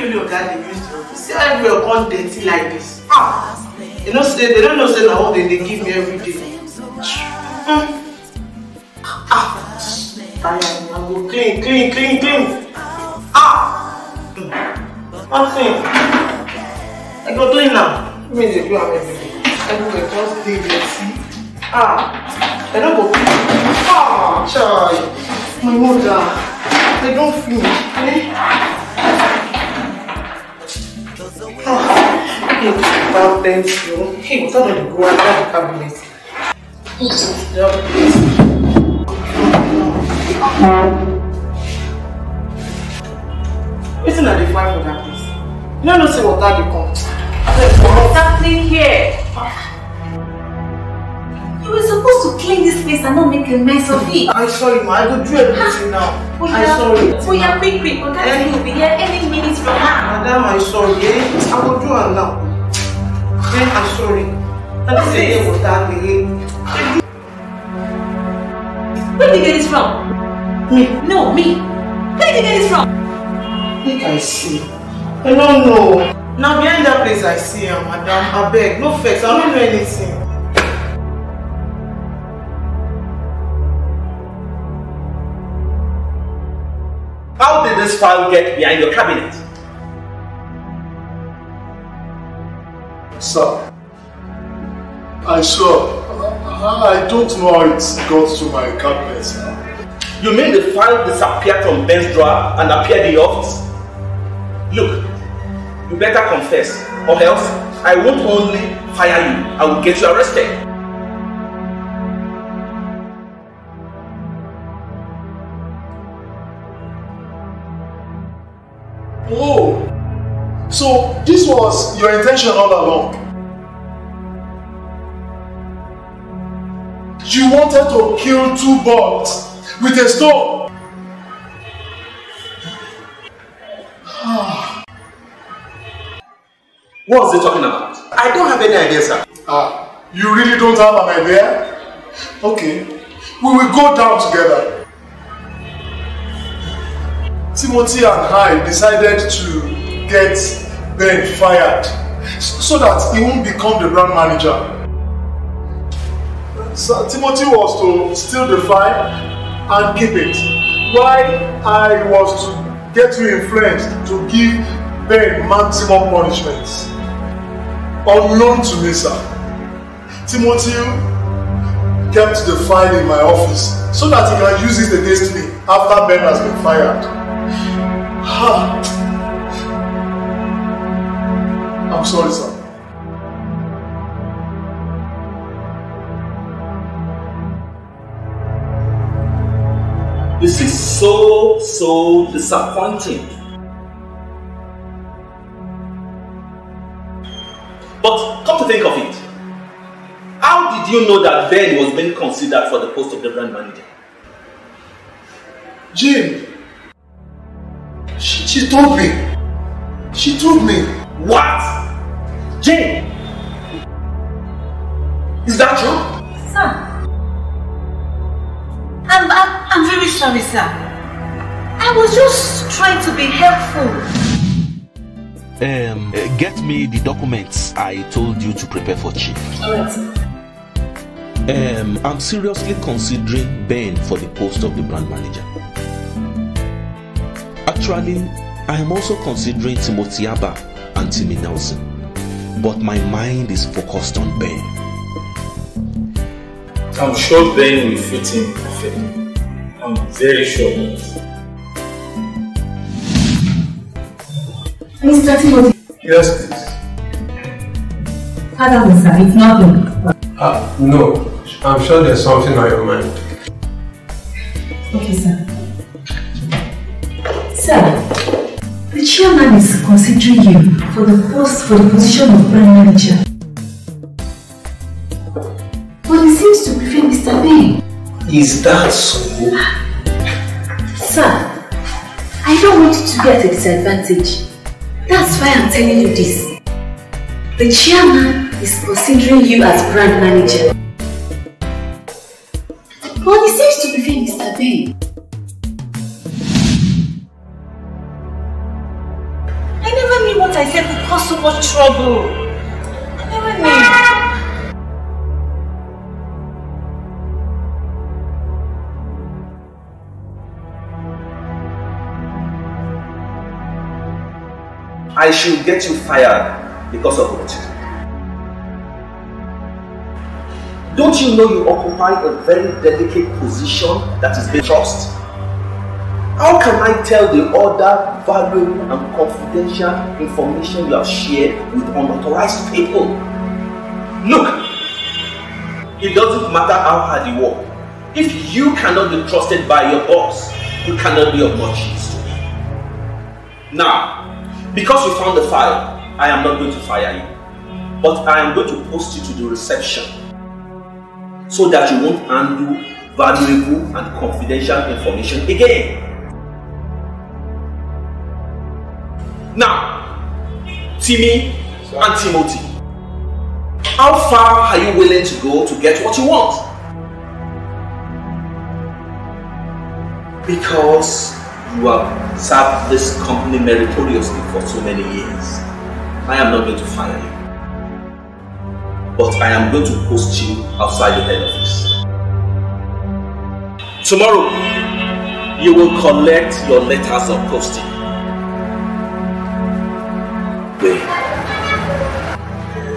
you know that they use the see how everywhere come dirty like this ah you know say they don't know say na what they dey give me every day mm. ah i go clean clean clean clean ah mm. nothing i go clean am me dey do am every day everywhere just dey dirty ah i no go fit ah chai my mother I don finish eh. came about then to he was already going out the cabinet. Isn't the fine for that place? You don't know see what that they come. What's happening here? You were supposed to clean this place and not make a mess of it. I'm sorry, ma. I will do everything now. Well, I'm sorry. Well, yeah, quick, quick. Because eh? will be here any minute from now. Madam, I'm sorry. Eh? I will do it now. Then I'm sorry. That is the name of that Where did you get this from? Me. No, me. Where did you get this from? I think I see. I don't know. Now behind that place I see am, uh, madam. I beg, no vex. I don't know anything. How did this file get behind your cabinet? Sir, I swear, uh-huh, I don't know how it got to my cabinet. Sir. You mean the file disappeared from Ben's drawer and appeared in the office? Look, you better confess, or else I won't only fire you, I will get you arrested. Whoa. Oh. So this was your intention all along. You wanted to kill two birds with a stone. What was he talking about? I don't have any idea, sir. Ah, you really don't have an idea? Okay, we will go down together. Timothy and I decided to get Ben fired so that he won't become the brand manager. Sir Timothy was to steal the file and keep it while I was to get you influenced to give Ben maximum punishment. Unknown to me, sir, Timothy kept the file in my office so that he can use it against me after Ben has been fired. Ah. I'm sorry, sir. This is so, so disappointing. But come to think of it, how did you know that Ben was being considered for the post of the brand manager? Jim, she, she told me. She told me. What? Jane! Is that true? Sir. I'm, I'm, I'm very sorry, sir. I was just trying to be helpful. Um, uh, get me the documents I told you to prepare for Chief. Alright. Um, I'm seriously considering Ben for the post of the brand manager. Actually, I am also considering Timothy Abba anti Nelson, but my mind is focused on Ben. I'm sure Ben will fit in perfectly. I'm very sure. Mr. Timothy. Yes, please. Pardon me, sir. It's nothing. Uh, ah, no. I'm sure there's something on your mind. Okay, sir. Sir, chairman is considering you for the post for the position of brand manager. But he seems to prefer Mr. Bing. Is that so? Sir, I don't want you to be at a disadvantage. That's why I'm telling you this. The chairman is considering you as brand manager. But he seems to prefer Mr. Bing. so much trouble. I should get you fired because of it. Don't you know you occupy a very delicate position that is being trusted? How can I tell the other valuable and confidential information you have shared with unauthorized people? Look, it doesn't matter how hard you work. If you cannot be trusted by your boss, you cannot be of much use to me. Now, because you found the file, I am not going to fire you. But I am going to post you to the reception so that you won't undo valuable and confidential information again. Now, Timmy and Timothy, how far are you willing to go to get what you want? Because you have served this company meritoriously for so many years, I am not going to fire you. But I am going to post you outside the head office. Tomorrow, you will collect your letters of posting. there.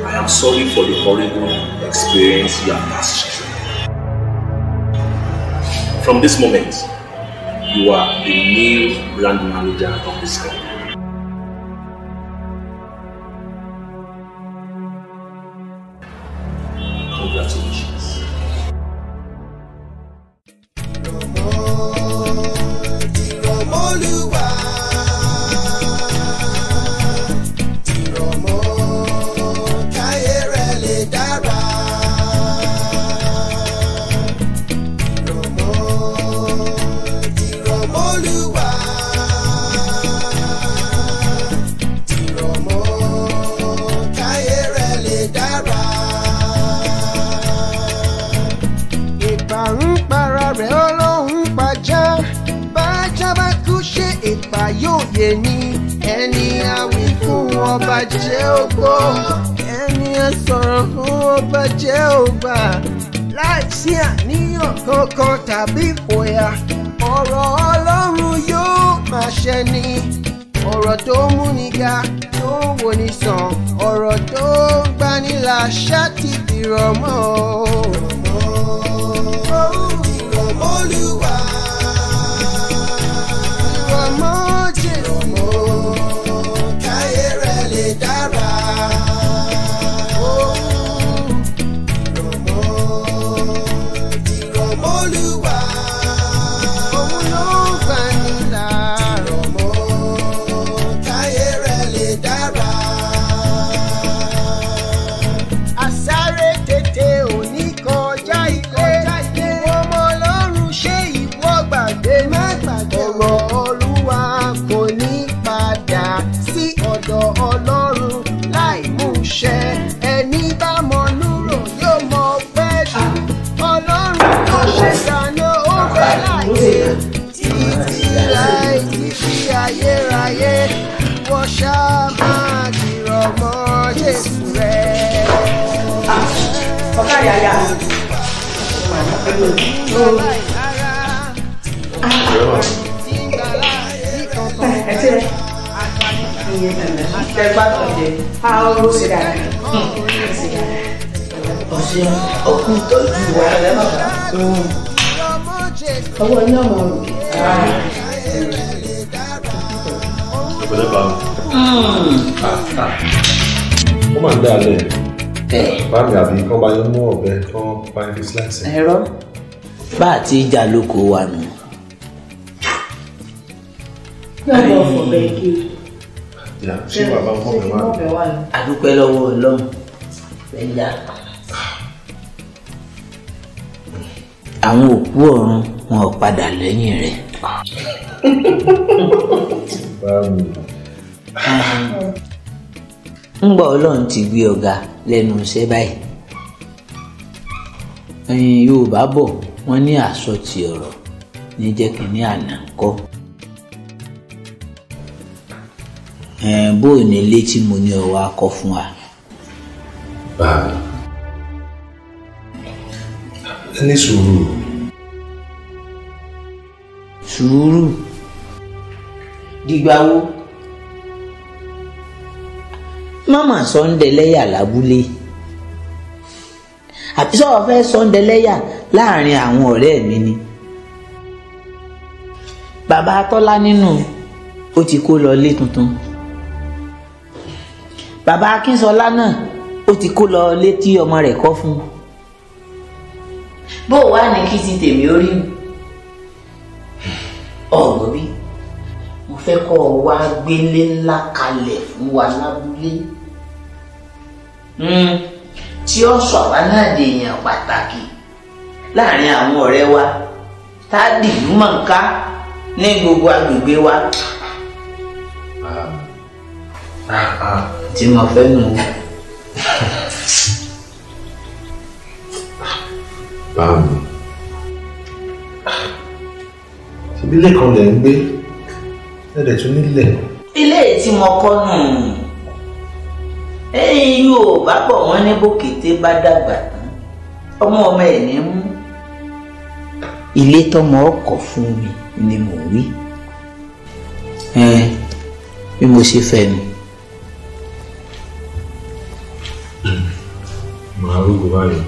I am sorry for the horrible experience you have passed through. From this moment, you are the new brand manager of this company. yáyà ẹ ti rẹ ìyẹn tẹ̀lé tẹ gbàgbọ́ jẹ a ó ṣe dáadáa ọ̀sẹ̀ ọkùnrin tó ju wa rẹ bàbá ọwọ́ iná mọ̀ ọ́n ọ̀pẹ̀lẹ́pàá hmm. ah, ah. ó máa ń dá a lẹ́yìn báàmì àbí kán bá yín mú ọ̀bẹ kán bá yín fi síláìsì. ẹ̀rọ bá a ti jà lóko wa nù. yọ̀bọ̀ fọ̀bẹ kí o. ṣé bàbá ọmọbẹ wà ní. a dúpẹ́ lọ́wọ́ ọlọ́run ẹ̀yà. àwọn òkú ọ̀run wọn ò padà lẹ́yìn rẹ̀. báàmì ńgbà ọlọ́run ti gbé ọ̀gá lẹ́nu iṣẹ́ báyìí ẹ̀yin yorùbá bọ̀ wọ́n ní àsọtì ọ̀rọ̀ ní jẹ́ kí ní àná kọ́ bóò ní ilé tí mo ní ọwọ́ akọ fún wa. báàmì ẹ ní sùúrù. sùúrù dígbà wo mama sọ́ndẹ̀lẹ́yà lábúlé àbí sọ́wọ́ fẹ́ sọ́ndẹ̀lẹ́yà láàrin àwọn ọ̀rẹ́ mi ni bàbá tọ́lá nínú ó ti kó lọ ilé tuntun bàbá akínsọlá náà ó ti kó lọ ilé tí ọmọ rẹ̀ kọ́ fún bó wà ní kí ti tèmi ó rí ọ̀gbọ́n bíi fẹ́ kọ́ wa gbélé ńlá kalẹ̀ fún wa lábúlé hmm. tí ó sọ àwa náà dèèyàn pàtàkì láàrin àwọn ọ̀rẹ́ wa tá a dìlú mọ̀ ń ká ní gbogbo agbègbè wa. Ah, ah, ah. tí mo fẹ́ nù ú. báwo ni ṣebí lẹ́kọ̀ọ́ lẹ́ ń gbé ẹ̀rẹ̀ tún nílẹ̀. ilé tí mo kọ́ nù ẹ̀yin yóò bá pọ̀ wọ́n ní bòkété bá dàgbà tán ọmọ ọmọ ẹ̀ ní mú. ilé tọmọ ọkọ fún mi ni mò ń wí bí mo ṣe fẹ́ mi. màá rúgbó báyìí.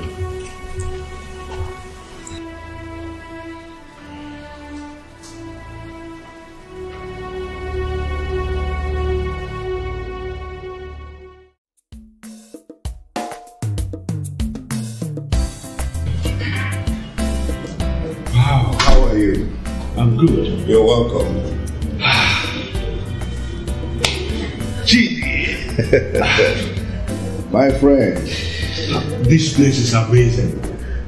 This place is amazing.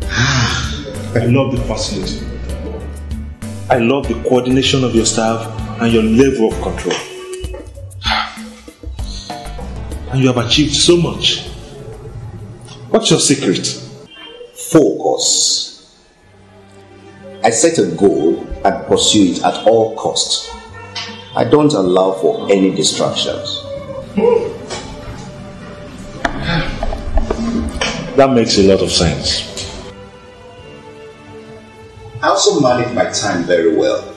Ah, I love the facility. I love the coordination of your staff and your level of control. Ah, and you have achieved so much. What's your secret? Focus. I set a goal and pursue it at all costs. I don't allow for any distractions. Hmm. That makes a lot of sense. I also manage my time very well.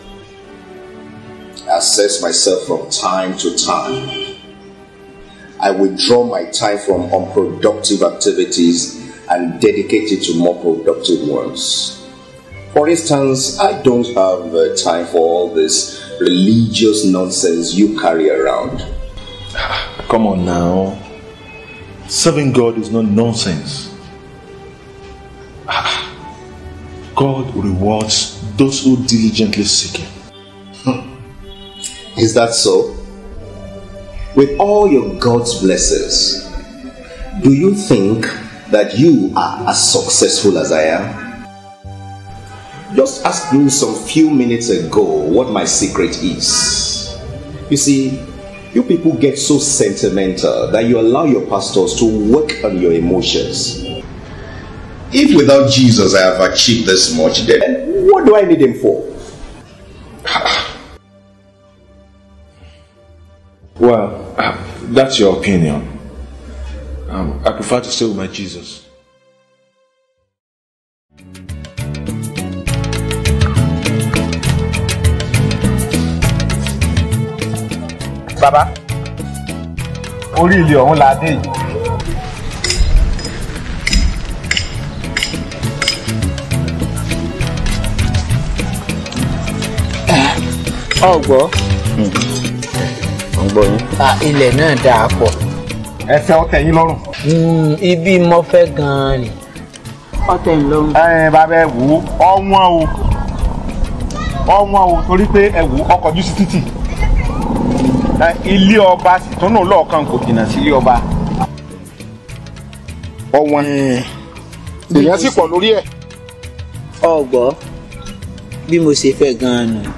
I assess myself from time to time. I withdraw my time from unproductive activities and dedicate it to more productive ones. For instance, I don't have uh, time for all this religious nonsense you carry around. Ah, come on now. Serving God is not nonsense. God rewards those who diligently seek Him. Is that so? With all your God's blessings, do you think that you are as successful as I am? Just ask me some few minutes ago what my secret is. You see, you people get so sentimental that you allow your pastors to work on your emotions If without Jesus I have achieved this much, then what do I need him for? well, uh, that's your opinion. Um, I prefer to stay with my Jesus. Baba, orí ilé ọ̀hún la ọgbọ́ ọgbọ́ yín. ilẹ̀ náà dáa pọ̀. ẹsẹ̀ ọ̀tẹ̀ yín lọ́rùn. Hmm, ibi mo fẹ́ gan-an ni. ọ̀tẹ̀ yín lọ́rùn. ẹ bàbá ẹ wò ó ọ̀wọ́n o ọ̀wọ́n o torí pé ẹ wò ó ọkọ̀jú sí títì ilé ọba sì tún náà lọ́ọ̀kan kò jìnnà sí ilé ọba ọ̀wọ́n èèyàn sì pọ̀ lórí ẹ̀. ọgbọ́ bí mo ṣe fẹ́ gan-an nù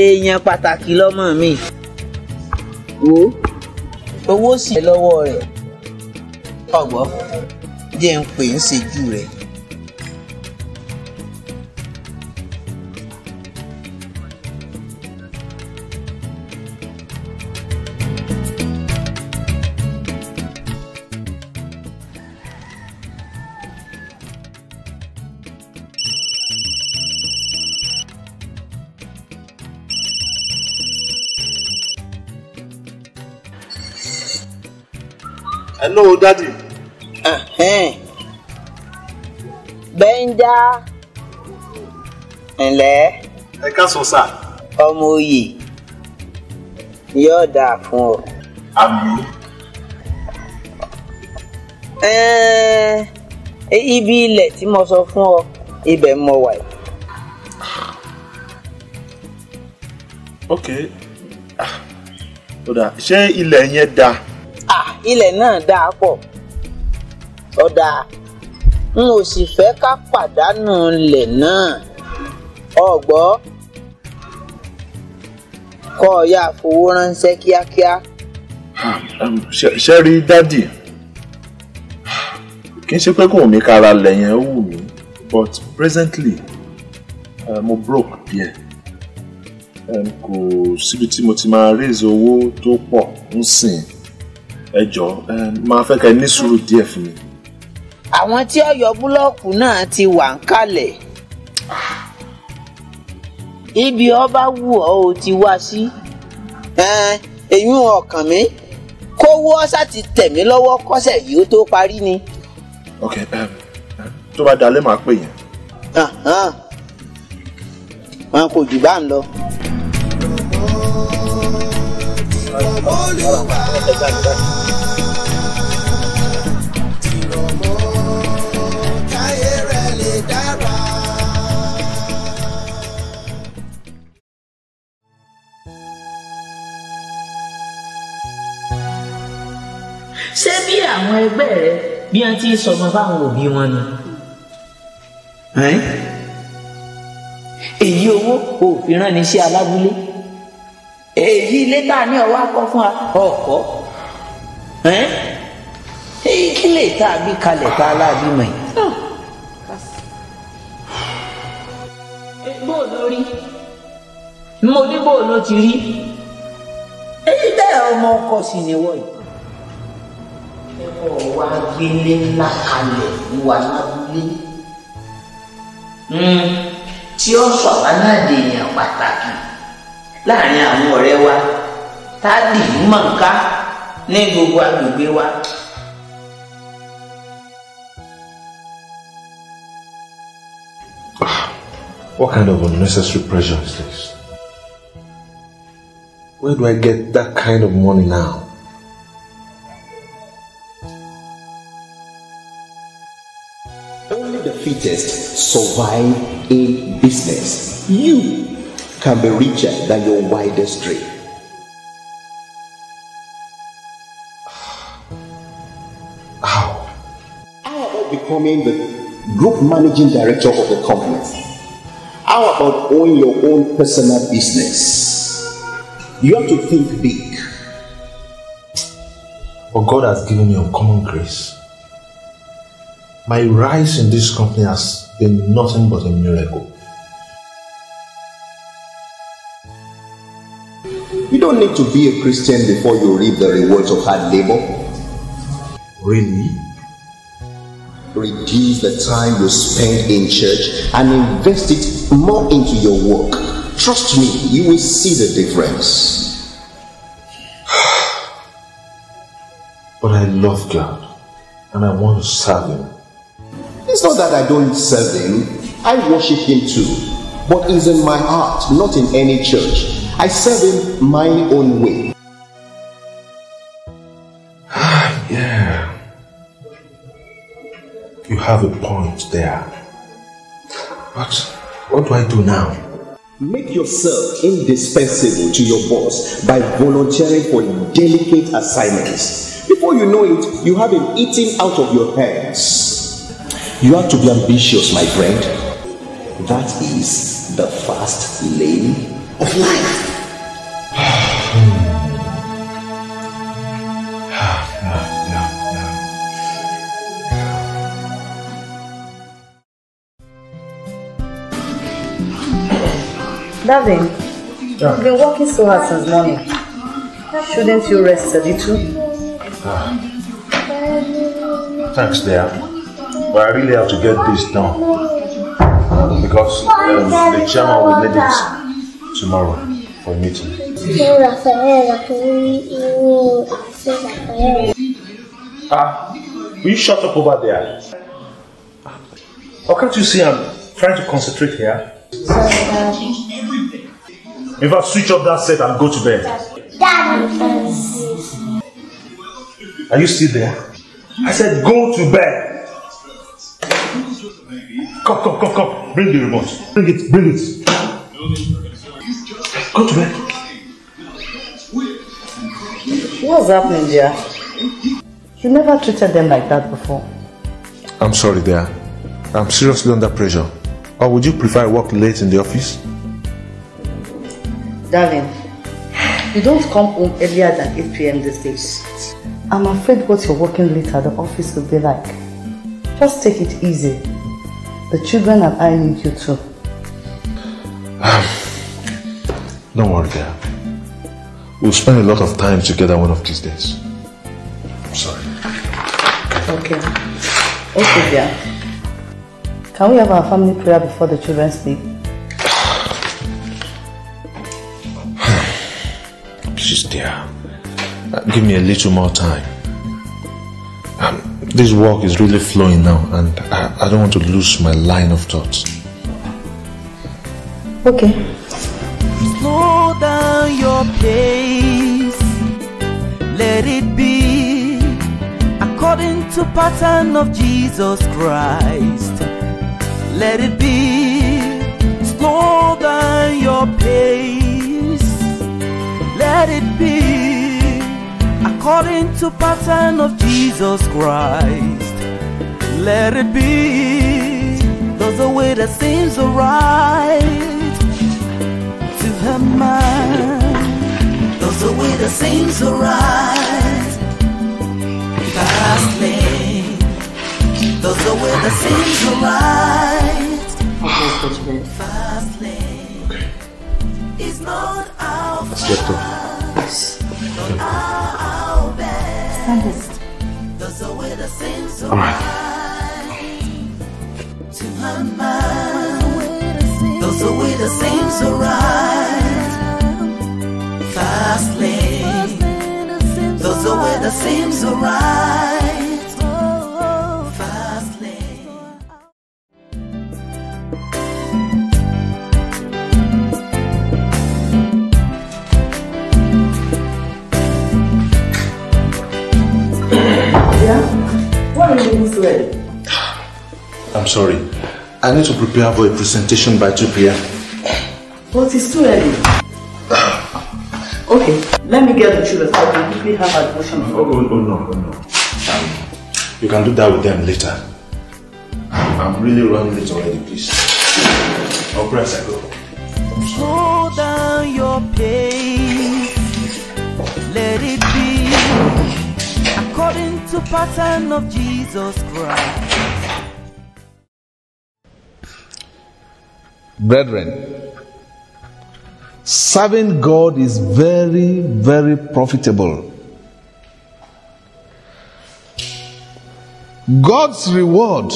èèyàn pàtàkì lọ́mọ mi wo owó sì lọ́wọ́ rẹ̀ ọ̀gbọ́n jẹ́ ń pè ń ṣèjú rẹ̀. o dádì. bẹ́ńjà ǹlẹ́. ẹ káàsán sà. ọmọ òye yóò dáa fún ọ. àmín. ibi ilẹ̀ tí mo sọ fún ọ ibẹ̀ mo wà yìí. ok ah, ó dáa ṣé ilẹ̀ yẹn dáa ilẹ̀ náà dáa pọ̀ ọ̀dà n ò sì fẹ́ ká pàdánù ilẹ̀ náà ọ̀gbọ́ kọ́ ọ fowó ránṣẹ́ kíákíá. Hmm, um, ṣe rí dádì kì í ṣe pé kò mí kára lẹ́yìn ó wù mí but presently uh, mo broke díẹ̀ um, kò síbi tí mo ti máa raise owó tó pọ̀ ń sìn ẹ jọ máa fẹ́ kẹ́ ní sùúrù díẹ̀ fún mi. àwọn tí ó yọ búlọ́ọ̀kù náà ti wà ń kalẹ̀ ibi ọba wù ọ́ ò ti wá sí èyí ọkàn mi kówó ọ̀sà ti tẹ̀ mí lọ́wọ́ kọ́sẹ̀ yìí ó tó parí ni. ok tó bá dalẹ̀ máa pè yẹn. wọn kò jù bá ń lọ. olúwa tìrọ̀mọ́ káyé rẹ̀ lè dára. ṣé bí àwọn ẹgbẹ́ rẹ bí wọ́n ti sọmọ báwọn òbí wọn ni. èyí owó òfin ránni sí alábúlé èyí létà ní ọwọ́ akọ fún wa ọkọ èyí kí lè tá a bí kalẹ̀ tá a láàbí mọ̀ yìí. Ah. bó ló rí mo ní bó ló ti rí èyí bẹ́ẹ̀ ọmọ ọkọ sì ni wọ́n yìí. ẹ wa gbélé ńlá kalẹ̀ fún wa lábúlé hmm. tí ó sọ̀rọ̀ náà dèèyàn pàtàkì. láàrin àwọn ọ̀rẹ́ wa tá a dì í ní gbogbo agbègbè wa. Ah, what kind of unnecessary pressure is this? Where do I get that kind of money now? Only the fittest survive in business. You can be richer than your wildest dream. How? How about becoming the group managing director of the company? How about owning your own personal business? You have to think big. But God has given me uncommon grace. My rise in this company has been nothing but a miracle. You don't need to be a Christian before you reap the rewards of hard labor. Really? Reduce the time you spend in church and invest it more into your work. Trust me, you will see the difference. but I love God and I want to serve Him. It's not that I don't serve Him, I worship Him too. But it's in my heart, not in any church. I serve him my own way. yeah. You have a point there. But what do I do now? Make yourself indispensable to your boss by volunteering for delicate assignments. Before you know it, you have him eating out of your hands. You have to be ambitious, my friend. That is the fast lane of life. Davin, yeah. you've been working so hard since morning. Shouldn't you rest a little? Ah. Thanks, dear. But I really have to get this done. Uh, because um, the chairman will need it tomorrow for a meeting. Ah, will you shut up over there? Or can't you see I'm trying to concentrate here? If I switch off that set and go to bed. Are you still there? I said go to bed. Come, come, come, come. Bring the remote. Bring it, bring it. Go to bed. What's happening there? You never treated them like that before. I'm sorry, dear. I'm seriously under pressure. Or would you prefer I work late in the office? Darling, you don't come home earlier than 8 p.m. these days. I'm afraid what you're working late at the office will be like. Just take it easy. The children and I need you too. Don't worry, dear. We'll spend a lot of time together one of these days. I'm sorry. Okay. Okay, dear. Can we have our family prayer before the children sleep? Please, dear. Uh, give me a little more time. Um, this work is really flowing now and I, I don't want to lose my line of thought. Okay slow down your pace. Let it be according to pattern of Jesus Christ. Let it be slow down your pace. Let it be according to pattern of Jesus Christ. Let it be. There's a way that seems alright. that seems rise. Fast lane, that's the way that rise. Fast lane okay. is not our fast, not our best. That's the way that seems To her mind, the way that seems Fast lane the weather seems alright. Fast lane. Yeah? What are you doing this way? I'm sorry. I need to prepare for a presentation by 2 p.m. But it's too early. okay. Let me get the children so I can quickly have admission. Oh, oh, oh no, oh no. Um, you can do that with them later. I'm really running late already, please. I'll press I go. Slow down your pace. Let it be according to pattern of Jesus Christ. Brethren, Serving God is very, very profitable. God's reward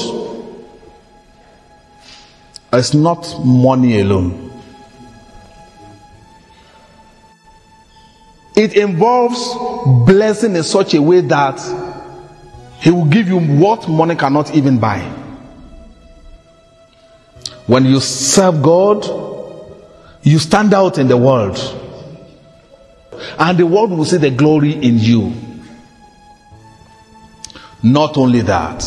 is not money alone. It involves blessing in such a way that He will give you what money cannot even buy. When you serve God, you stand out in the world, and the world will see the glory in you. Not only that,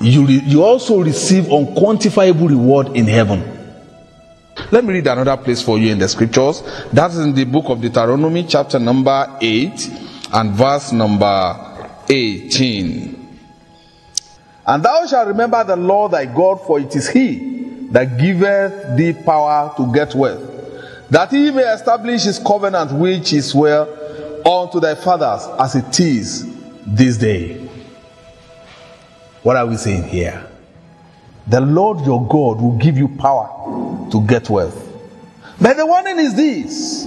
you, re- you also receive unquantifiable reward in heaven. Let me read another place for you in the scriptures. That's in the book of Deuteronomy, chapter number 8 and verse number 18. And thou shalt remember the Lord thy God, for it is he that giveth thee power to get wealth, that he may establish his covenant which is well unto thy fathers as it is this day. What are we saying here? The Lord your God will give you power to get wealth. But the warning is this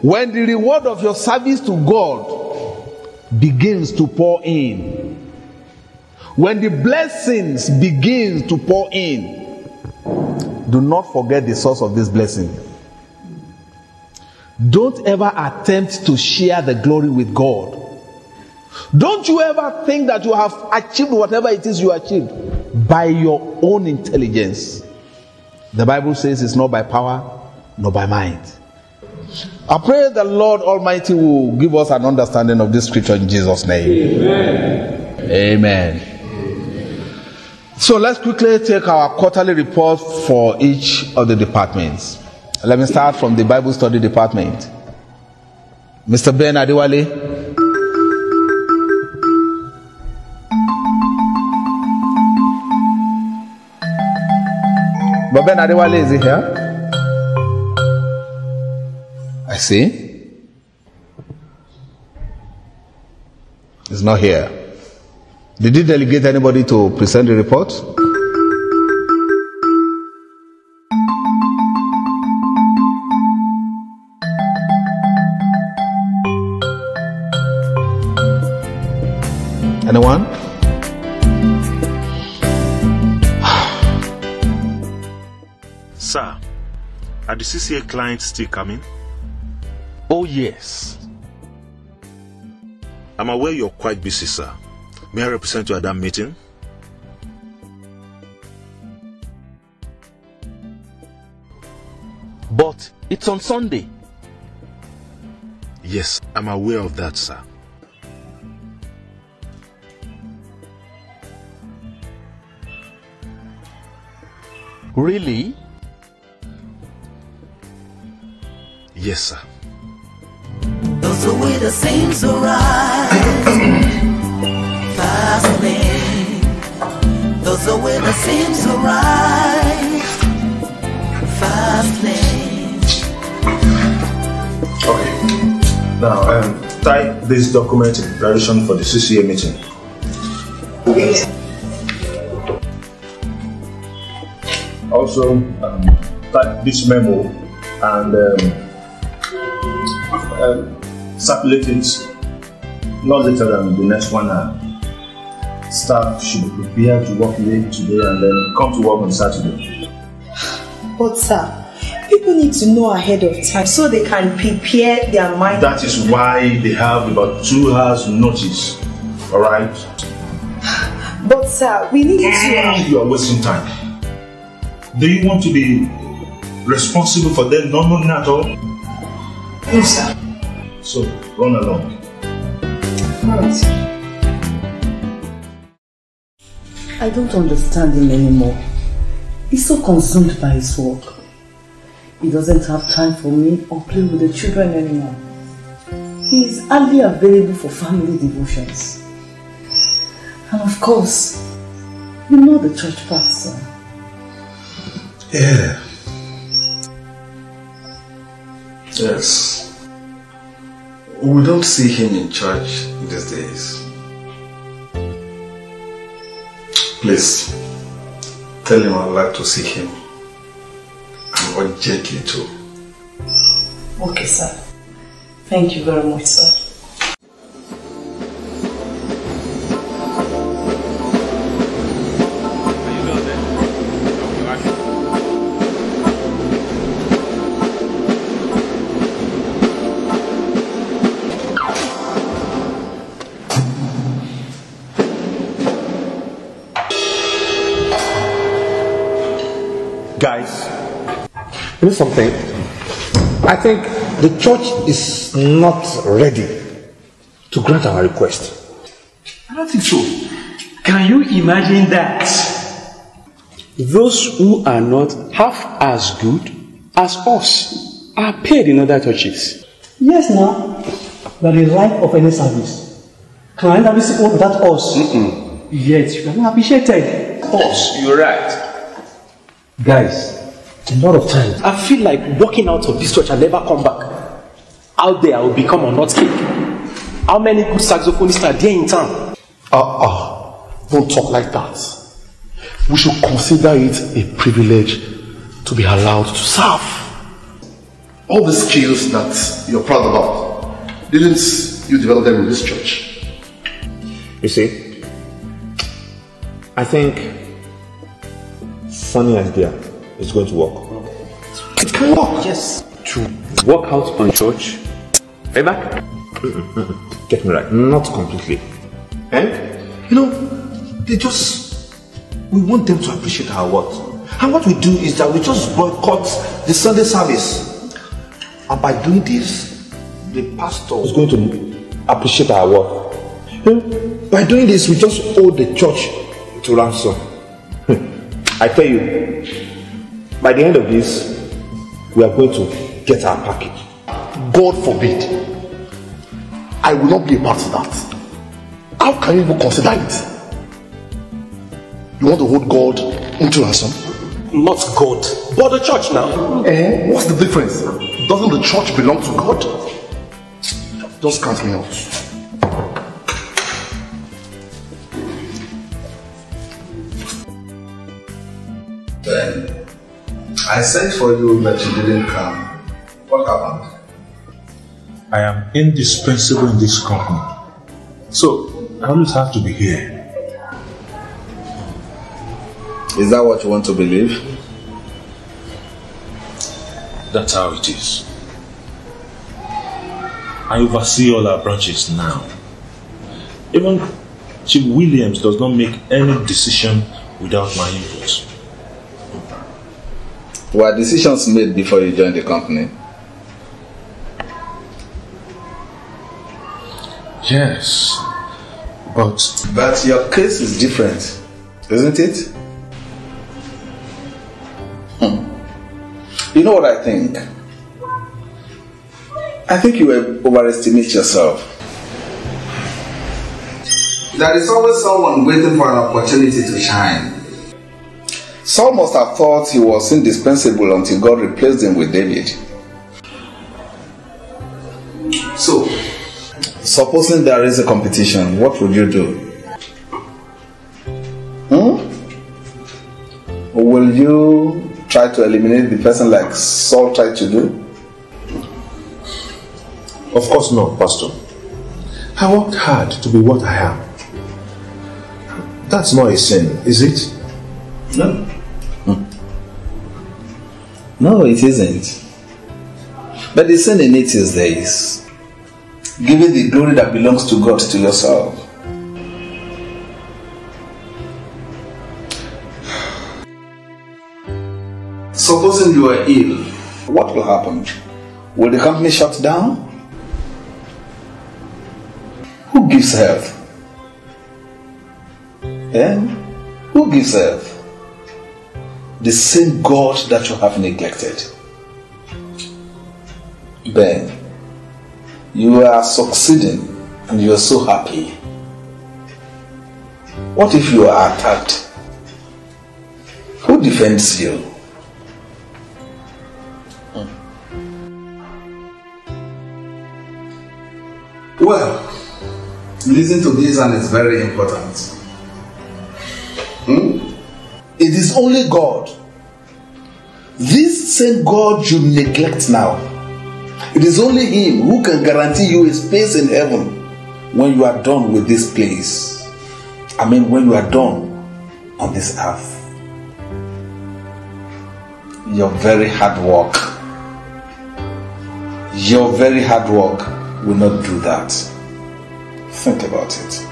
when the reward of your service to God begins to pour in, when the blessings begin to pour in, do not forget the source of this blessing. Don't ever attempt to share the glory with God. Don't you ever think that you have achieved whatever it is you achieved by your own intelligence. The Bible says it's not by power nor by might. I pray the Lord Almighty will give us an understanding of this scripture in Jesus' name. Amen. Amen. So let's quickly take our quarterly report for each of the departments. Let me start from the Bible study department. Mr. Ben Adiwale. But Ben Adiwale is he here? I see. He's not here. Did you delegate anybody to present the report? Anyone? Sir, are the CCA clients still coming? Oh, yes. I'm aware you're quite busy, sir. May I represent you at that meeting? But it's on Sunday. Yes, I'm aware of that, sir. Really? Yes, sir. Those are the seems alright. Cause the winner seems to rise Fast lane Okay, now um, type this document in preparation for the CCA meeting Also, um, type this memo and um, um circulate it not later than the next one hour staff should be prepared to work late today and then come to work on Saturday. But sir, people need to know ahead of time so they can prepare their mind. That is why they have about two hours notice, all right? But sir, we need to... You are wasting time. Do you want to be responsible for them not knowing at all? No, sir. So, run along. All right, I don't understand him anymore. He's so consumed by his work. He doesn't have time for me or play with the children anymore. He is hardly available for family devotions. And of course, you know the church pastor. Yeah. Yes. We don't see him in church these days. Please, tell him I'd like to see him. And urgently too. Okay, sir. Thank you very much, sir. You know something? I think the church is not ready to grant our request. I don't think so. Can you imagine that? Those who are not half as good as us are paid in other churches. Yes, now. But the life of any service. Client service oh, that us. Mm-mm. Yes, you can appreciate it. Of course, you're right. Guys, a lot of times. I feel like walking out of this church and never come back. Out there, I will become a nut cake. How many good saxophonists are there in town? Uh uh. Don't talk like that. We should consider it a privilege to be allowed to serve. All the skills that you're proud about, didn't you develop them in this church? You see, I think funny idea it's going to work. It can work. Yes. To work out on church, ever? Get me right. Not completely. Eh? You know, they just. We want them to appreciate our work. And what we do is that we just boycott the Sunday service. And by doing this, the pastor is going to appreciate our work. You know, by doing this, we just owe the church to ransom. I tell you, By the end of this, we are going to get our package. God forbid. I will not be a part of that. How can you even consider it? You want to hold God into ransom? Not God, but the church now. Eh? What's the difference? Doesn't the church belong to God? Just count me out. I sent for you, but you didn't come. What happened? I am indispensable in this company. So, I always have to be here. Is that what you want to believe? That's how it is. I oversee all our branches now. Even Chief Williams does not make any decision without my input. Were decisions made before you joined the company? Yes, but. But your case is different, isn't it? Hmm. You know what I think? I think you overestimate yourself. There is always someone waiting for an opportunity to shine. Saul must have thought he was indispensable until God replaced him with David. So, supposing there is a competition, what would you do? Hmm? Or will you try to eliminate the person like Saul tried to do? Of course not, Pastor. I worked hard to be what I am. That's not a sin, is it? No. No, it isn't. But the sin in it is this giving the glory that belongs to God to yourself. Supposing you are ill, what will happen? Will the company shut down? Who gives health? Eh? Who gives health? the same God that you have neglected. Then you are succeeding and you are so happy. What if you are attacked? Who defends you? Hmm. Well, listen to this and it's very important. Hmm? It is only God. This same God you neglect now. It is only Him who can guarantee you a space in heaven when you are done with this place. I mean, when you are done on this earth. Your very hard work, your very hard work will not do that. Think about it.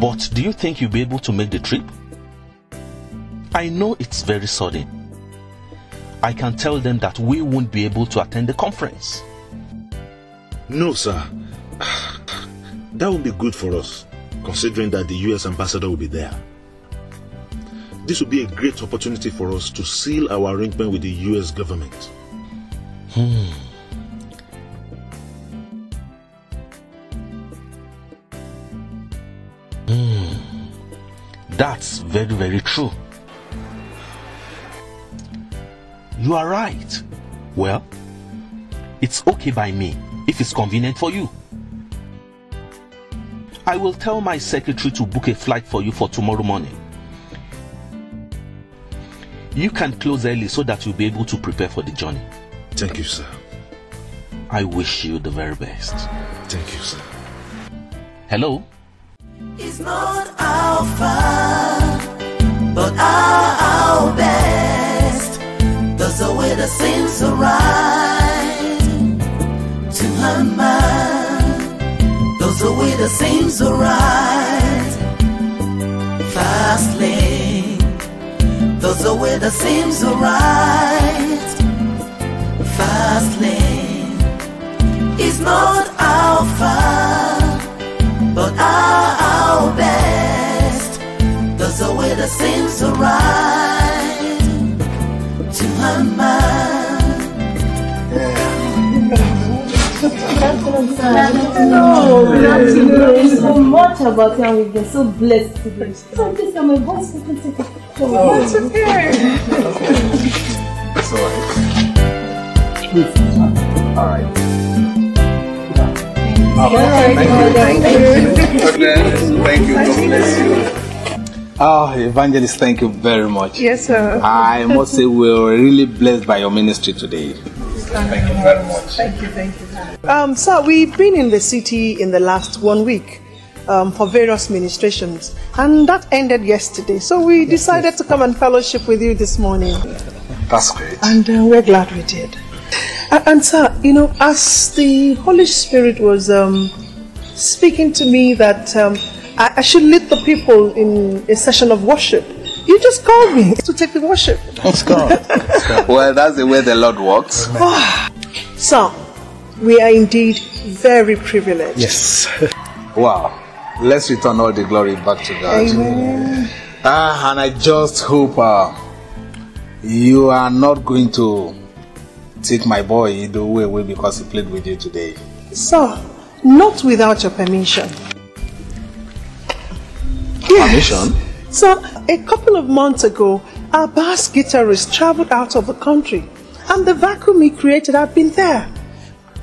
But do you think you'll be able to make the trip? I know it's very sudden. I can tell them that we won't be able to attend the conference. No, sir. That would be good for us, considering that the US ambassador will be there. This would be a great opportunity for us to seal our arrangement with the US government. Hmm. That's very, very true. You are right. Well, it's okay by me if it's convenient for you. I will tell my secretary to book a flight for you for tomorrow morning. You can close early so that you'll be able to prepare for the journey. Thank you, sir. I wish you the very best. Thank you, sir. Hello? alpha, but our, our best. There's a way that seems so right to her mind. There's a way that seems so right. Fast lane. There's a way that seems so right. Fast lane. is not alpha, but our. where the things are right to her mind. No, Thank you so much about you and we've been so blessed today. So please come my voice we can Oh, a picture. What's with her? That's alright. Alright. Thank you. Thank you. God bless you. Oh, Evangelist, thank you very much. Yes, sir. I must say we were really blessed by your ministry today. Thank you very much. Thank you, thank you. Um, sir, we've been in the city in the last one week um, for various ministrations, and that ended yesterday. So we yes, decided yes. to come and fellowship with you this morning. That's great. And uh, we're glad we did. And, and sir, you know, as the Holy Spirit was um, speaking to me that um, I, I, should lead the people in a session of worship. You just called me to take the worship. That's God. well, that's the way the Lord works. Ah. So, we are indeed very privileged. Yes. wow. Let's return all the glory back to God. Amen. Ah, and I just hope uh, you are not going to take my boy the way away because he played with you today. So, not without your permission. Yes. Permission? So, a couple of months ago, our bass guitarist traveled out of the country, and the vacuum he created had been there.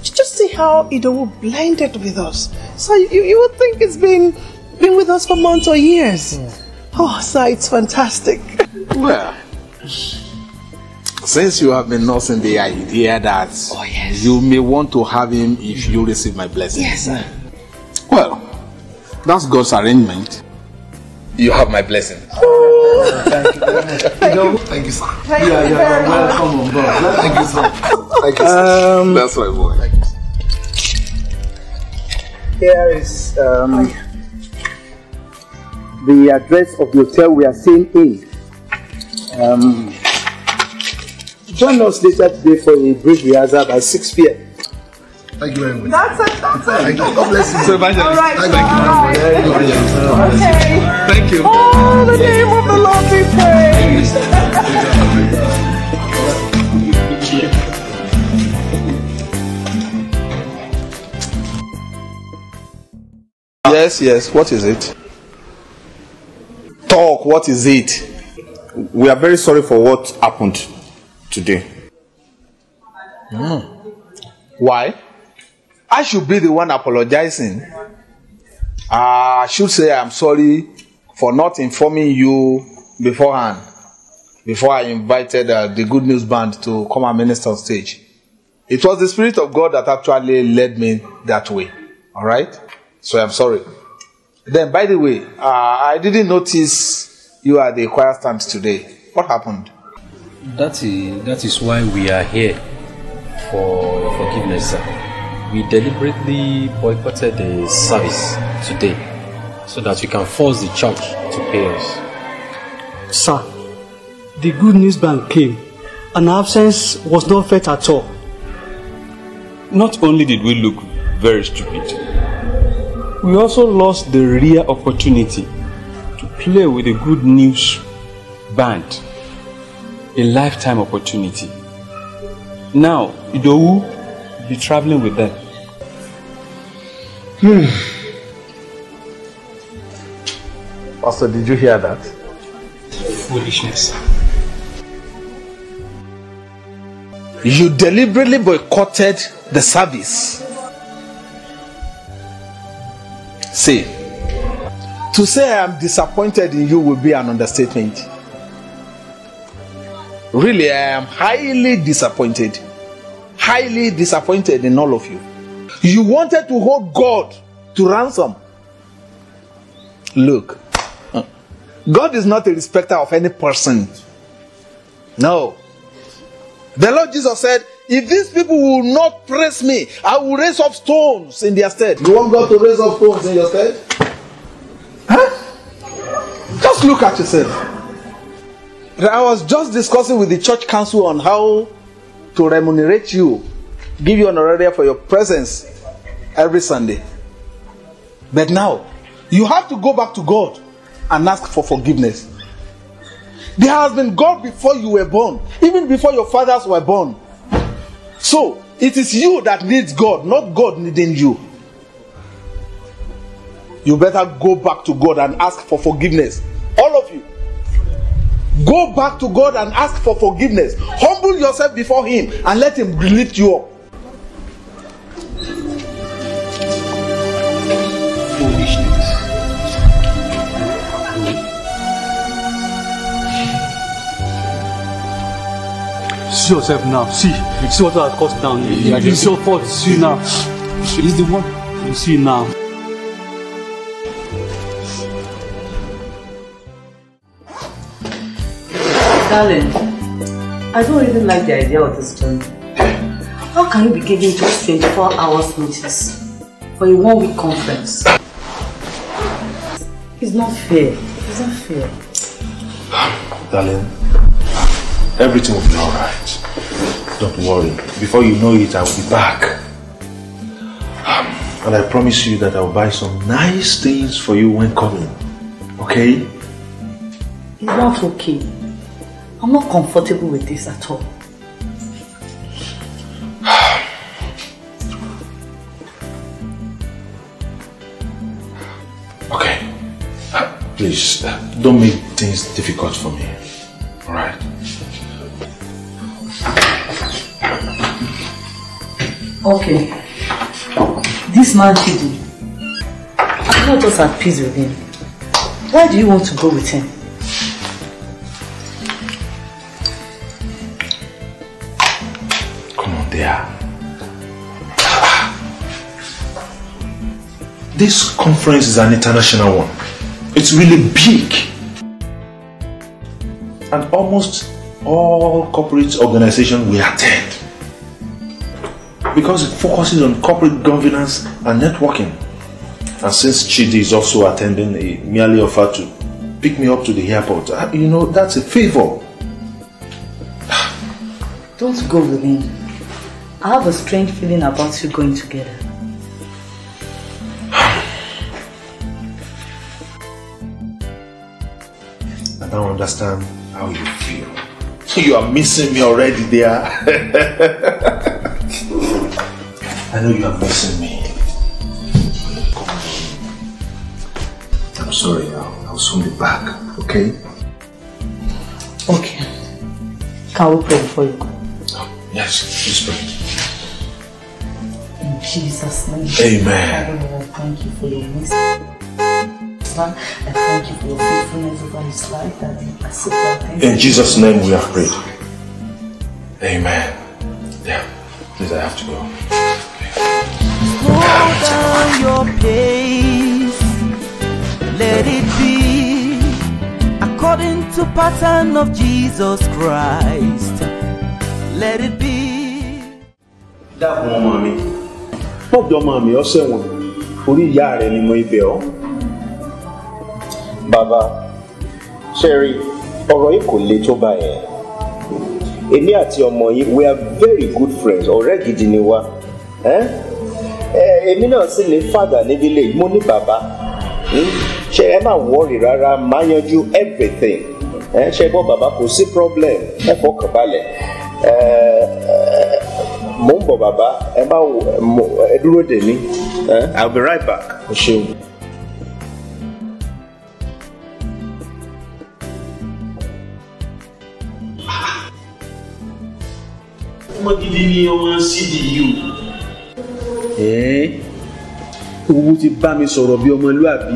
Just see how Idowu blended with us. So you, you would think it's been been with us for months or years. Hmm. Oh, so it's fantastic. Well, since you have been nursing the idea that oh, yes. you may want to have him if you receive my blessing. Yes, sir. Well, that's God's arrangement. You have my blessing. Oh, thank you Thank you, sir. Thank yeah, you yeah, Welcome on board. Thank you, sir. Thank you, sir. Um, that's my boy. Thank you. Here is um, the address of the hotel we are staying in. Um, Join us later today for a brief rehearsal by 6 p.m. Thank you very much. That's it. That's it. God bless you. So, evangelist. All right. Thank you. Right. Right. Okay. Thank you. Oh, the name of the Lord be praised. yes, yes. What is it? Talk. What is it? We are very sorry for what happened today. Mm. Why? I should be the one apologizing. I should say I'm sorry for not informing you beforehand, before I invited uh, the Good News Band to come and minister on stage. It was the Spirit of God that actually led me that way. All right? So I'm sorry. Then, by the way, uh, I didn't notice you are the choir stand today. What happened? That is, that is why we are here for forgiveness, sir. We deliberately boycotted the service today so that we can force the church to pay us. Sir, the Good News band came and our absence was not felt at all. Not only did we look very stupid, we also lost the rare opportunity to play with the good news band a lifetime opportunity. Now, Idowu be traveling with them. Hmm. Pastor, did you hear that? Foolishness. You deliberately boycotted the service. See, to say I am disappointed in you will be an understatement. Really, I am highly disappointed. Highly disappointed in all of you. You wanted to hold God to ransom. Look, uh, God is not a respecter of any person. No. The Lord Jesus said, If these people will not praise me, I will raise up stones in their stead. You want God to raise up stones in your stead? Huh? Just look at yourself. I was just discussing with the church council on how to remunerate you, give you an honoraria for your presence every Sunday. But now, you have to go back to God and ask for forgiveness. There has been God before you were born, even before your fathers were born. So, it is you that needs God, not God needing you. You better go back to God and ask for forgiveness. All of you. Go back to God and ask for forgiveness. Humble yourself before Him and let Him lift you up. See yourself now. See, see what has caused down. It's your fault. See now. He's the one. You see now. Darling, I don't even like the idea of this journey. How can you be giving just 24 hours notice for a one-week conference? It's not fair. It's not fair. Darling, everything will be alright. Don't worry. Before you know it, I will be back. And I promise you that I'll buy some nice things for you when coming. Okay? It's not okay. I'm not comfortable with this at all. okay. please, don't make things difficult for me. Alright? Okay. This man Chidi, I'm not just at peace with him. Why do you want to go with him? This conference is an international one. It's really big. And almost all corporate organizations will attend because it focuses on corporate governance and networking. And since Chidi is also attending, he merely offered to pick me up to the airport. Ah, you know, that's a favor. Don't go with him. I have a strange feeling about you going together. understand how you feel. You are missing me already, dear. I know you are missing me. I'm sorry, I'll, I'll soon be back, okay? Okay. Can we pray for you? Yes, please pray. In Jesus' name. Amen. thank you for your mercy husband. I thank you for your faithfulness over his life. That accept In Jesus' name we have prayed. Amen. Yeah. Please, I have to go. Slow down your pace. Let it be according to pattern of Jesus Christ. Let it be. That ọmọ mi. Pọ́ọ̀dù ọmọ mi ọ̀sẹ̀ say one. ìyá rẹ̀ yard anymore, ibẹ̀ bàbá ṣẹ́rí ọ̀rọ̀ yìí kò le tó báyẹn èmi àti ọmọ yìí we are very good friends ọ̀rẹ́ gidi ni wa èmi náà sì ní fàdà níbi ilé mo ní bàbá hmm? ṣe ẹ má wọ́ọ̀rì rárá má yanjú everything ṣe gbọ́ bàbá kò sí problem ẹ fọkàn balẹ̀ mo ń bọ̀ bàbá ẹ bá ẹ dúró dè mí I'll be right back. ṣeun. ọmọ gidi ni ọmọ cdu. ẹ̀ẹ́n owó ti bá mi sọ̀rọ̀ bí ọmọlúàbí.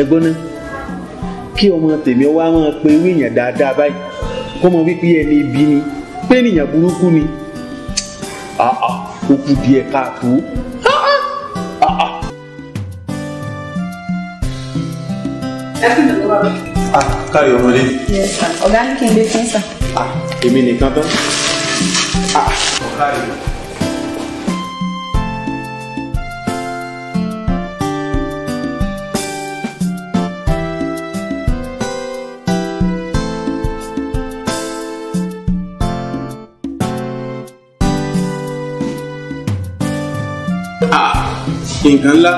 ẹ̀gbọ́n náà kí ọmọ tèmi wá máa pe irú èèyàn dáadáa báyìí kó mọ wípé ẹni ibi ni pé ènìyàn burúkú ni ó kù díẹ̀ káàtó. Ẹ kí ni ló wà ah kárí ọmọdé. ọ̀gá ní kí n gbé ni sà. ah èmi nìkan tán. ah ọ̀gá rẹ̀. Ah, nǹkan ńlá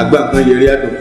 àgbà kan yẹrí àdùn.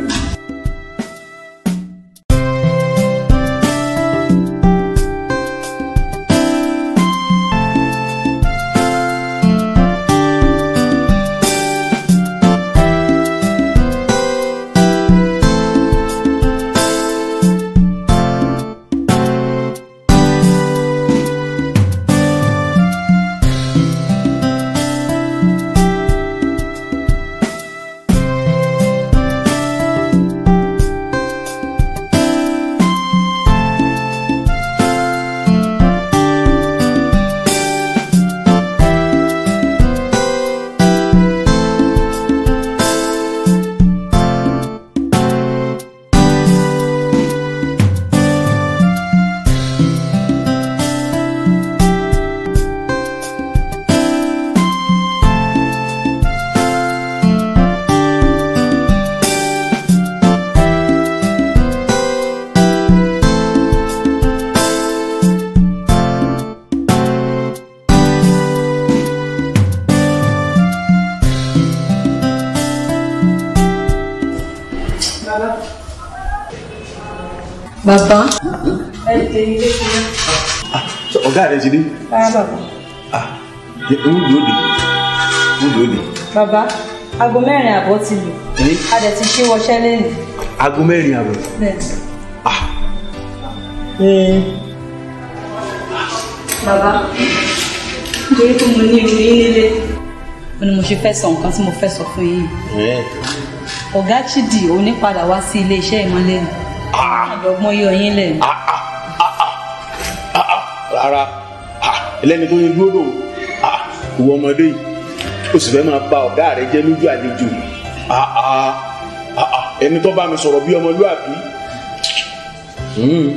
rẹ ti dé. rárá bàbá. ah n dùn òde n dùn òde. bàbá aago mẹ́rin àbọ̀ ti lù. a dẹ̀ ti ṣe wọṣẹ́ lẹ́yìn. aago mẹ́rin àbọ̀. bẹ́ẹ̀ni. ah bàbá nítorí pé mo ní ìwé nílé mo ní mo ṣe fẹ́ sọ nǹkan tí mo fẹ́ sọ fún yín. ọ̀gá Chidi onípadà wá sí iléeṣẹ́ ìmọ̀lẹ́yìn. àjọgbọ́n yọ yín lẹ́nu. rárá ẹlẹ́ni tó ní dúró dò ah ìwọ ọmọdé yìí ó sì fẹ́ máa ba ọ̀gá rẹ jẹ́ lójú àlejò ah ah ah ẹni tó bá mi sọ̀rọ̀ bí ọmọlúàbí. Hmm.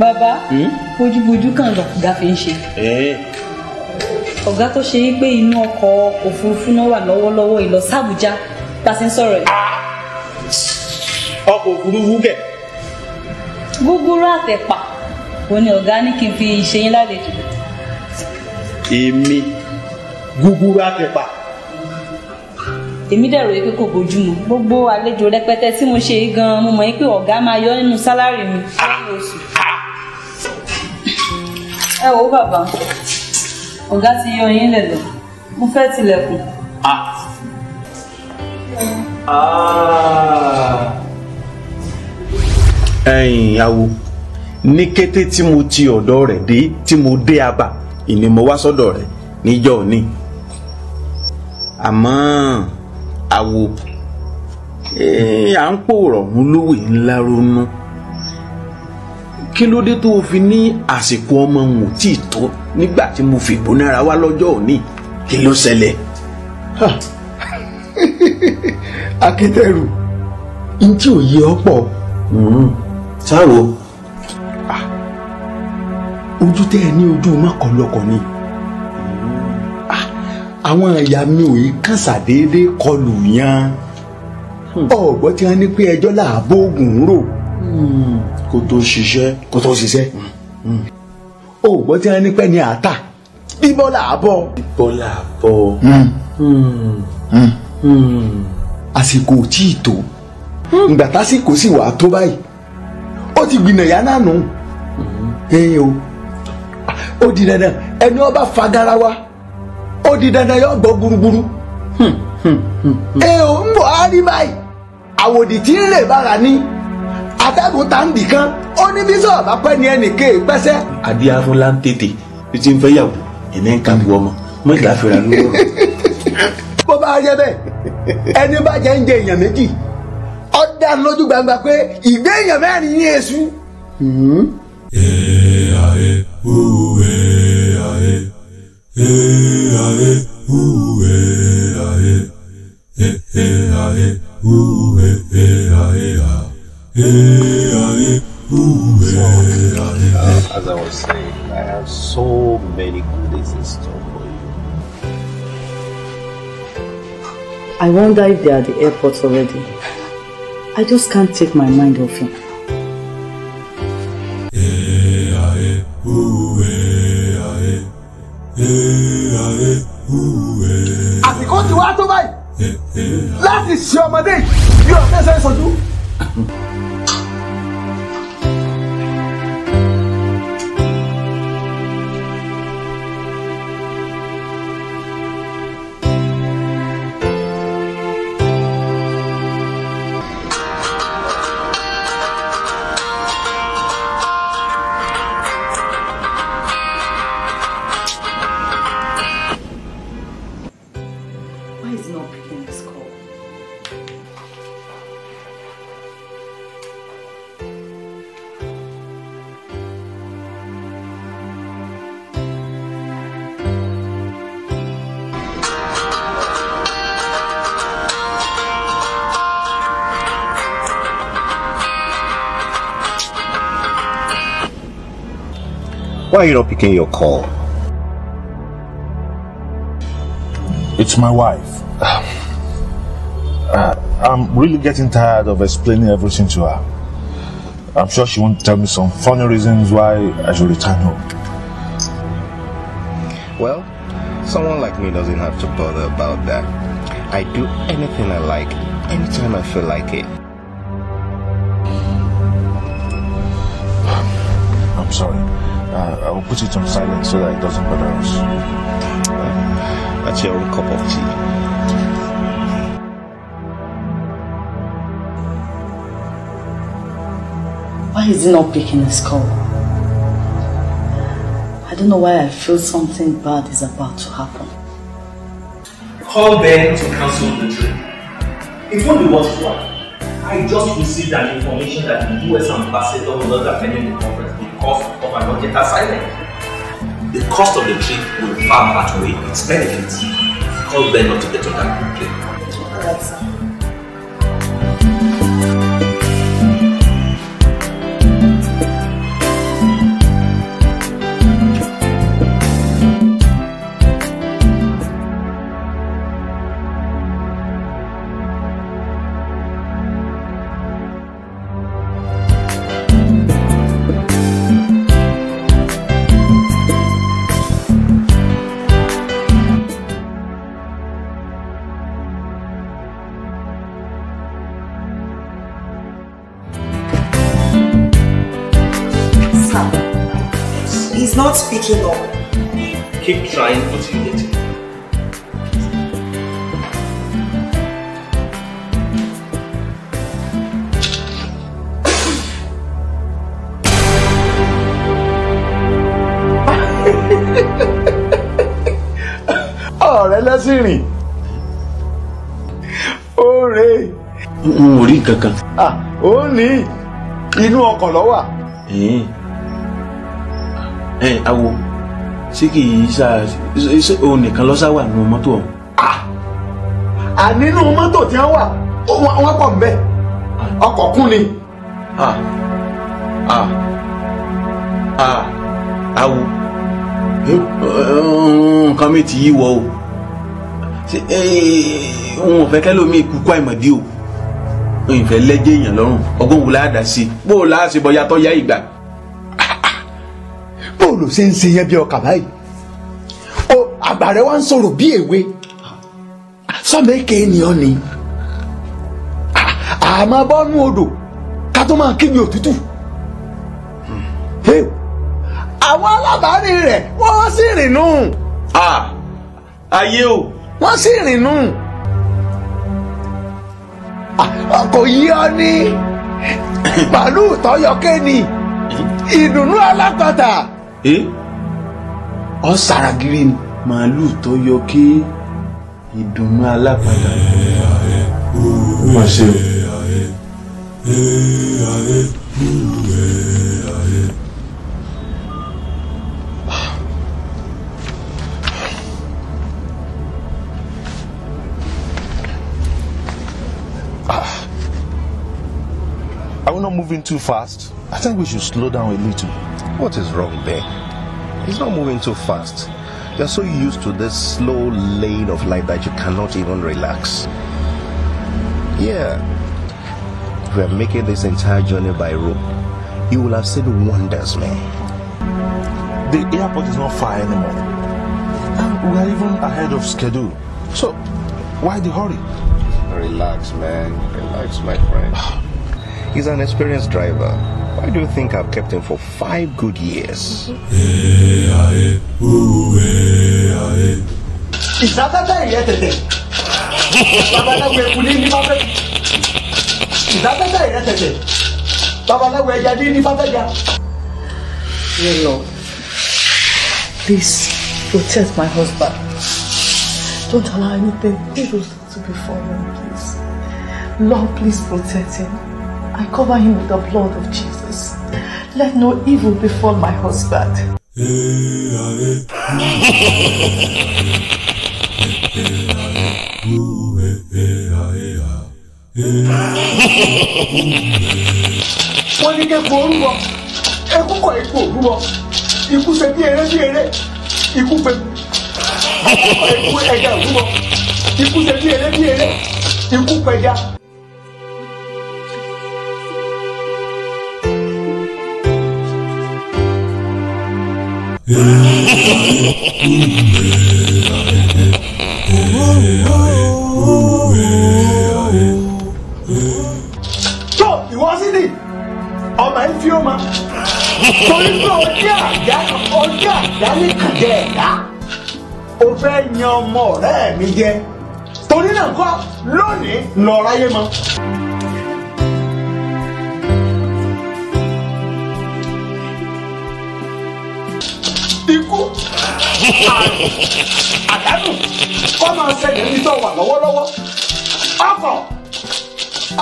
bàbá hmm? bójúbójú kan lọ̀gá fi ń ṣe ọ̀gá tó ṣe wípé inú ọkọ̀ òfurufú náà wà lọ́wọ́lọ́wọ́ ìlọ sàbújá tá a ti ń sọ̀rọ̀ ẹ̀. ọkọ̀ òfurufú kẹ̀. gúgúrú àtẹ̀pà ó ní ọ̀gá ní kí n fi ṣe yín lálejò. èmi gúgúrú àtẹ̀pà. èmi dẹ̀ rò pé kò bójú mu gbogbo àlejò rẹpẹtẹ tí mo ṣe gan-an mo mọ̀ pé ọ̀gá máa yọ nínú sálárì mi lẹ́yìn oṣù. ẹ wo bàbá ọ̀gá ti yọ yín lẹ̀ lọ mo fẹ́ tilẹ̀kùn. Ah! ẹ̀yin awo ní kété tí mo ti ọ̀dọ̀ rẹ̀ dé tí mo dé abà ìní mo wá sọ́dọ̀ rẹ̀ níjọ́ òní àmọ́ àwò eh, à ń pòrọ̀ mú lówè ńlá ronú kí ló dé tó o fi ní àsìkò ọmọ wọn tí ì tó nígbà tí mo fi ìgbónára wá lọ́jọ́ òní kí ló ṣẹlẹ̀. akitẹru ntí ò yẹ ọ pọ. Mm-hmm. ṣáà ojú tẹ́ ẹ ní ojú mọ́kànlọ́kọ̀ ni ah, àwọn ìyá mi ò yí kàn ṣàdédé kọlù yan hmm. ọ̀gbọ́n tí wọ́n ní pé ẹjọ́ làbó oògùn rò hmm. kó tó ṣiṣẹ́ kó tó ṣiṣẹ́ hmm. ọ̀gbọ́n tí wọ́n ní pé ní àtà bíbọ́ làbọ̀. bíbọ́ làbọ̀ àsìkò tí ì tó ìgbà tásìkò sì wà tó báyìí ó ti gbìnà yá nù. ẹyin o ó di dandan ẹni ọba fa garawa ó di dandan yóò gbọ́ gburugburu hmm, hmm, hmm, ẹ ò ń bọ̀ á rí báyìí àwòdì tí ń lè bára ní atẹ́gùn tá ń bì kan ó ní bísọ̀ọ̀bù apẹ́ ni ẹnìkan ìpẹ́sẹ́. adíyá fún láńtètè bí tí ń fẹ́ yàwó ẹ̀mí ń kàbí ọmọ mọ́ ìlà fẹ́ra lóró. bó bá yẹ bẹ́ẹ̀ ẹni bá jẹ́ ń jẹ èèyàn méjì ó lójú gbangba pé ìgbé èèyàn mẹ́rin ní èṣù. As I was saying, I have so many goodies in store for you. I wonder if they are at the airport already. I just can't take my mind off him. seu is eu mandate. You are do. I you not picking your call? It's my wife. Uh, I'm really getting tired of explaining everything to her. I'm sure she won't tell me some funny reasons why I should return home. Well, someone like me doesn't have to bother about that. I do anything I like, anytime I feel like it. put it on silent so that it doesn't bother us. Uh, that's your own cup of tea. Why is he not picking his call? I don't know why I feel something bad is about to happen. Call Ben to cancel the trip. It won't be while. I just received an information that the US ambassador will not attend the conference because of an object assignment the cost of the trip will far outweigh its benefits. Call them not to get on that plane. All right, sir. keep trying until you get it. ọ̀rẹ́ lẹ́sìn rìn ó rè é. n ò rí kankan. ó ní inú ọkọ̀ ló ẹ ẹ awo ṣé kì í ṣá ṣé òun nìkan lọ́sà wà nínú mọ́tò ọ̀hún. ànínú mọ́tò tí wọ́n wà wọ́n pọ̀ mbẹ́ ọkọ̀ kún ni. awo nǹkan mi ti yí wọ o n ò fẹ́ kẹ́lómi kúkú àìmọ̀dí o n ò fẹ́ lẹ́jẹ̀ èèyàn lọ́rùn ọgbọ́n wo la dà sí i bó o láàṣẹ bọ́ yàtọ̀ yá ìgbà ló ṣe ń ṣe yẹn bí ọkà báyìí o àgbà rẹ wá ń sọ̀rọ̀ bí èwe sọ́mẹ́kẹ́ ènìyàn ni àmọ́ bọ́nú odò ká tó máa kígbe òtútù àwọn alábàárìn rẹ̀ wọ́n sì rìn nù. ayé o. wọ́n sì rìn nù. kò yí ọ ní màálù tọyọkẹ́ ni hmm? ìdùnnú alápàtà. Eh? ọ saragiri ni màálù tó yọ kí ìdùnnú alápàdà ó mà ṣe o. I will not move in too fast? I think we should slow down a little. What is wrong there? He's not moving too fast. You're so used to this slow lane of life that you cannot even relax. Yeah. If we are making this entire journey by road, you will have seen wonders, man. The airport is not far anymore. And we are even ahead of schedule. So, why the hurry? Relax, man. Relax, my friend. He's an experienced driver. Why do you think I've kept him for five good years? Dear Lord, please protect my husband. Don't allow anything evil to befall him, please. Lord, please protect him. I cover him with the blood of Jesus. Let no evil befall my husband. wọ́n ní kẹ́kọ̀ọ́ orúkọ ẹkú kọ̀ ikú òwúrọ̀ ikú ṣe bí eré bí eré ikú pé ikú ẹja òwúrọ̀ ikú ṣe bí eré bí eré ikú pẹja. tó ìwọ sí ni ọmọ ẹ fi ọmọ torí pé ọjọ́ àjá ọjọ́ àjá ní kàjẹ́ ẹ̀dá o fẹ́ yan ọmọ ọ̀rẹ́ mi jẹ torí náà kọ́ lónìí lọ́ọ́ ráyé mọ́. àdánù kọ́ máa ṣẹlẹ̀ ní tó wà lọ́wọ́lọ́wọ́ ọkọ̀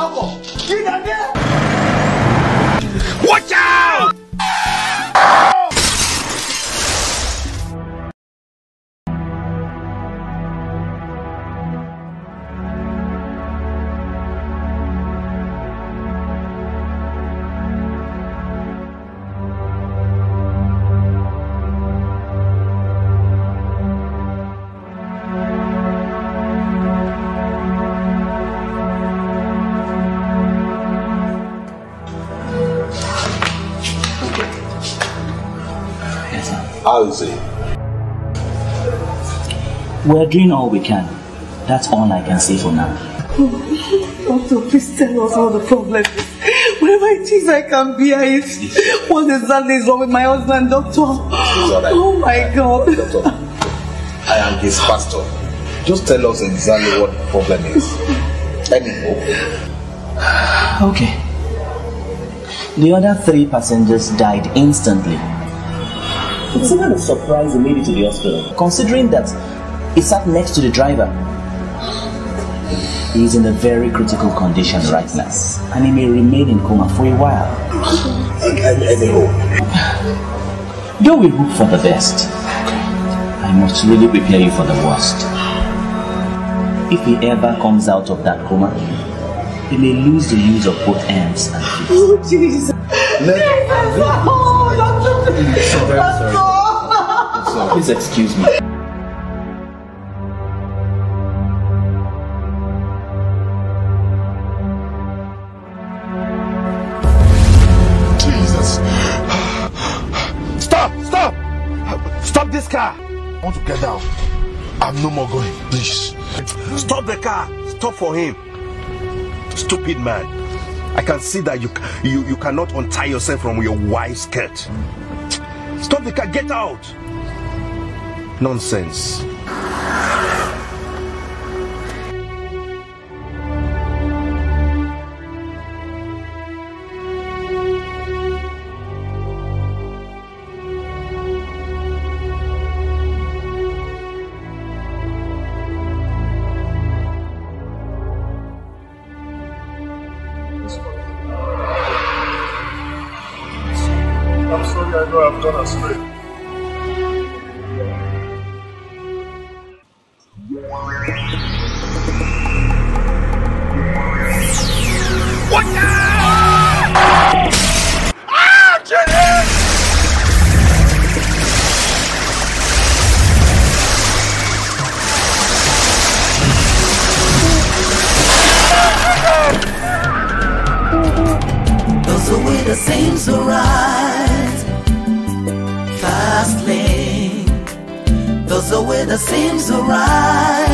ọkọ̀ kí ni a We're doing all we can. That's all I can say for now. Doctor, please tell us what the problem is. Whatever it is I can bear it. What exactly is wrong with my husband, doctor? Right. Oh my God. Doctor, I am his pastor. Just tell us exactly what the problem is. Any Okay. The other three passengers died instantly. It's even a surprise immediately made it to the hospital. Considering that he sat next to the driver. He is in a very critical condition right now, and he may remain in coma for a while. Any hope? Though we hope for the best, I must really prepare you for the worst. If he ever comes out of that coma, he may lose the use of both hands and feet. Oh, Jesus! Let... Jesus! Oh, Doctor! Please excuse me. I'm no more going. Please. Stop the car. Stop for him. Stupid man. I can see that you, you, you cannot untie yourself from your wife's skirt. Stop the car. Get out. Nonsense. that seems alright.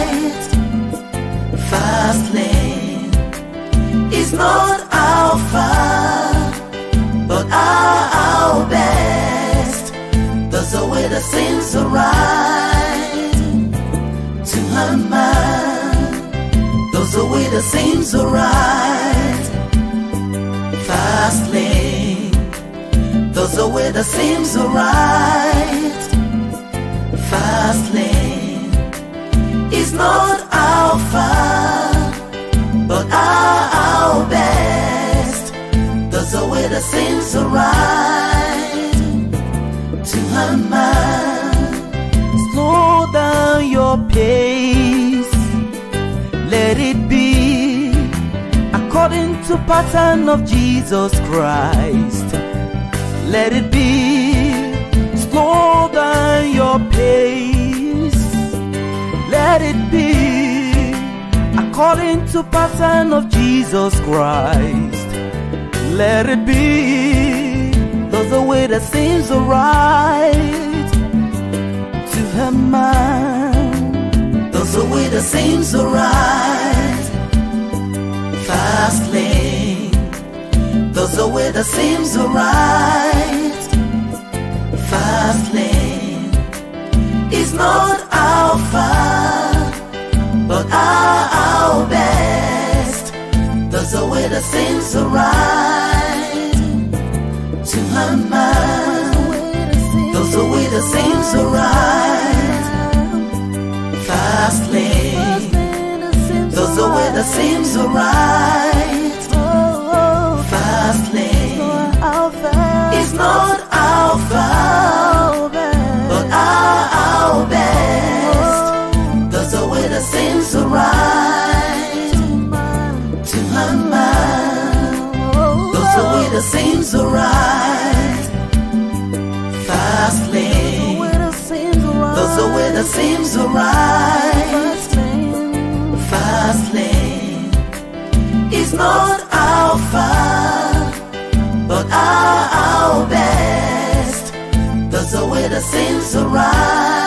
Fast lane is not our fault, but our, our best. Does the that seems alright to her mind? Does the that seems alright? Fast lane, does the that seems alright? It's lane is not our far, but our, our best. There's a way that seems so right to her mind. Slow down your pace, let it be according to pattern of Jesus Christ. Let it be slow down your pace let it be according to pattern of Jesus Christ. Let it be, though the way that seems alright to her mind. Though the way that seems alright, fast lane. Though the way that seems alright, fast lane is not our fault are our best. Thus the that seems to rise to her mind. Thus the that seems to rise fastly. Thus the that seems to rise fastly. It's not our fault. seems right, Fast lane. That's the way that seems right, Fast lane. It's not our fault, but our, our best. That's the way that seems right?